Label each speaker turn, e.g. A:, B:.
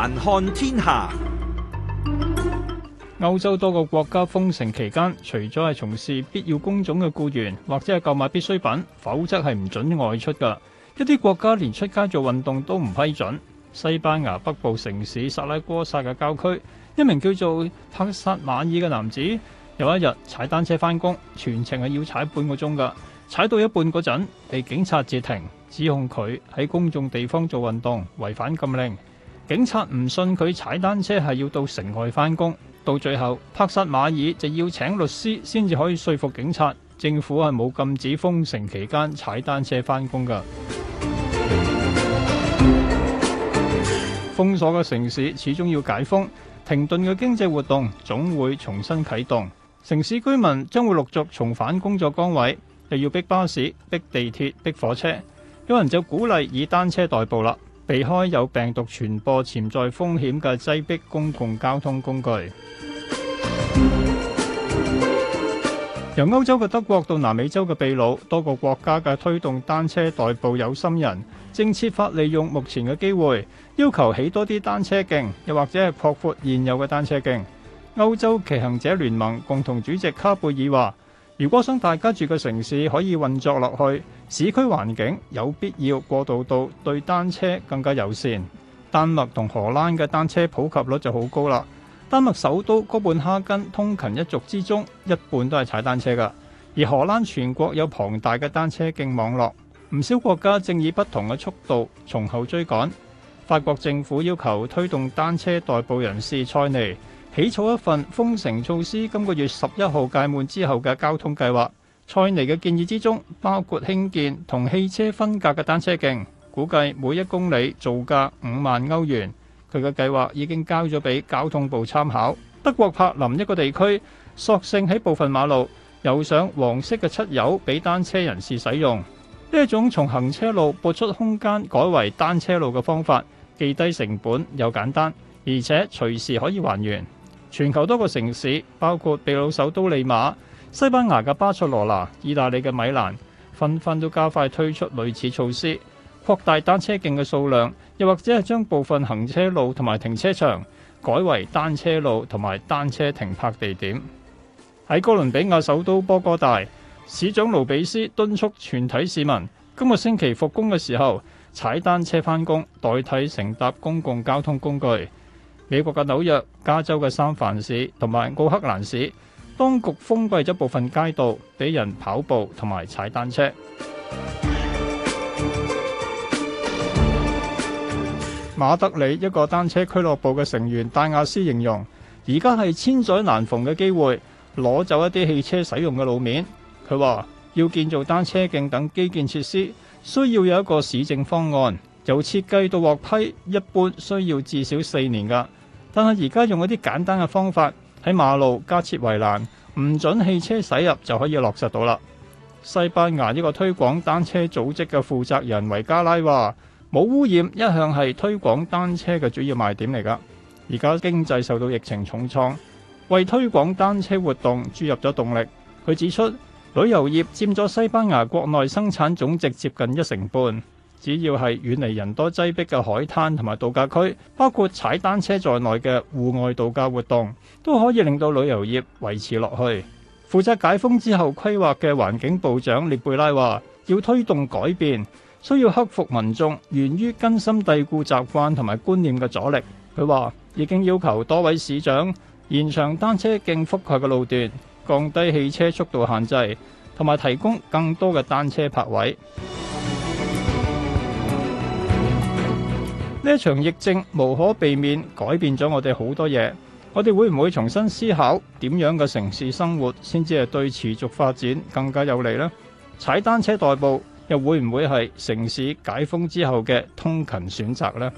A: 環看天下，歐洲多個國家封城期間，除咗係從事必要工種嘅僱員或者係購買必需品，否則係唔准外出嘅。一啲國家連出街做運動都唔批准。西班牙北部城市薩拉哥薩嘅郊區，一名叫做帕薩馬爾嘅男子有一日踩單車返工，全程係要踩半個鐘噶。踩到一半嗰陣，被警察截停，指控佢喺公眾地方做運動違反禁令。警察唔信佢踩單車係要到城外翻工，到最後帕薩馬爾就要請律師先至可以說服警察。政府係冇禁止封城期間踩單車翻工㗎。 封鎖嘅城市始終要解封，停頓嘅經濟活動總會重新啟動。城市居民將會陸續重返工作崗位，又要逼巴士、逼地鐵、逼火車。有人就鼓勵以單車代步啦。避開有病毒傳播潛在風險嘅擠迫公共交通工具，由歐洲嘅德國到南美洲嘅秘魯，多個國家嘅推動單車代步有心人正設法利用目前嘅機會，要求起多啲單車徑，又或者係擴闊現有嘅單車徑。歐洲騎行者聯盟共同主席卡貝爾話：如果想大家住嘅城市可以運作落去，市區環境有必要過渡到對單車更加友善。丹麥同荷蘭嘅單車普及率就好高啦。丹麥首都哥本哈根通勤一族之中，一半都係踩單車噶。而荷蘭全國有龐大嘅單車徑網絡。唔少國家正以不同嘅速度從後追趕。法國政府要求推動單車代步人士塞尼。起草一份封城措施，今個月十一號屆滿之後嘅交通計劃，蔡尼嘅建議之中，包括興建同汽車分隔嘅單車徑，估計每一公里造價五萬歐元。佢嘅計劃已經交咗俾交通部參考。德國柏林一個地區索性喺部分馬路油上黃色嘅漆油，俾單車人士使用。呢一種從行車路撥出空間改為單車路嘅方法，既低成本又簡單，而且隨時可以還原。全球多個城市，包括秘魯首都利馬、西班牙嘅巴塞羅那、意大利嘅米蘭，紛紛都加快推出類似措施，擴大單車徑嘅數量，又或者係將部分行車路同埋停車場改為單車路同埋單車停泊地點。喺哥倫比亞首都波哥大，市長盧比斯敦促全體市民今個星期復工嘅時候，踩單車翻工，代替乘搭公共交通工具。美國嘅紐約、加州嘅三藩市同埋奧克蘭市，當局封閉咗部分街道俾人跑步同埋踩單車。馬德里一個單車俱樂部嘅成員戴亞斯形容，而家係千載難逢嘅機會攞走一啲汽車使用嘅路面。佢話要建造單車徑等基建設施，需要有一個市政方案，由設計到獲批一般需要至少四年㗎。但係而家用嗰啲簡單嘅方法喺馬路加設圍欄，唔準汽車駛入就可以落實到啦。西班牙一個推廣單車組織嘅負責人維加拉話，冇污染一向係推廣單車嘅主要賣點嚟㗎。而家經濟受到疫情重創，為推廣單車活動注入咗動力。佢指出，旅遊業佔咗西班牙國內生產總值接近一成半。只要係遠離人多擠迫嘅海灘同埋度假區，包括踩單車在內嘅戶外度假活動，都可以令到旅遊業維持落去。負責解封之後規劃嘅環境部長列貝拉話，要推動改變，需要克服民眾源於根深蒂固習慣同埋觀念嘅阻力。佢話，已經要求多位市長延長單車徑覆蓋嘅路段，降低汽車速度限制，同埋提供更多嘅單車泊位。呢一場疫症無可避免改變咗我哋好多嘢，我哋會唔會重新思考點樣嘅城市生活先至係對持續發展更加有利呢？踩單車代步又會唔會係城市解封之後嘅通勤選擇呢？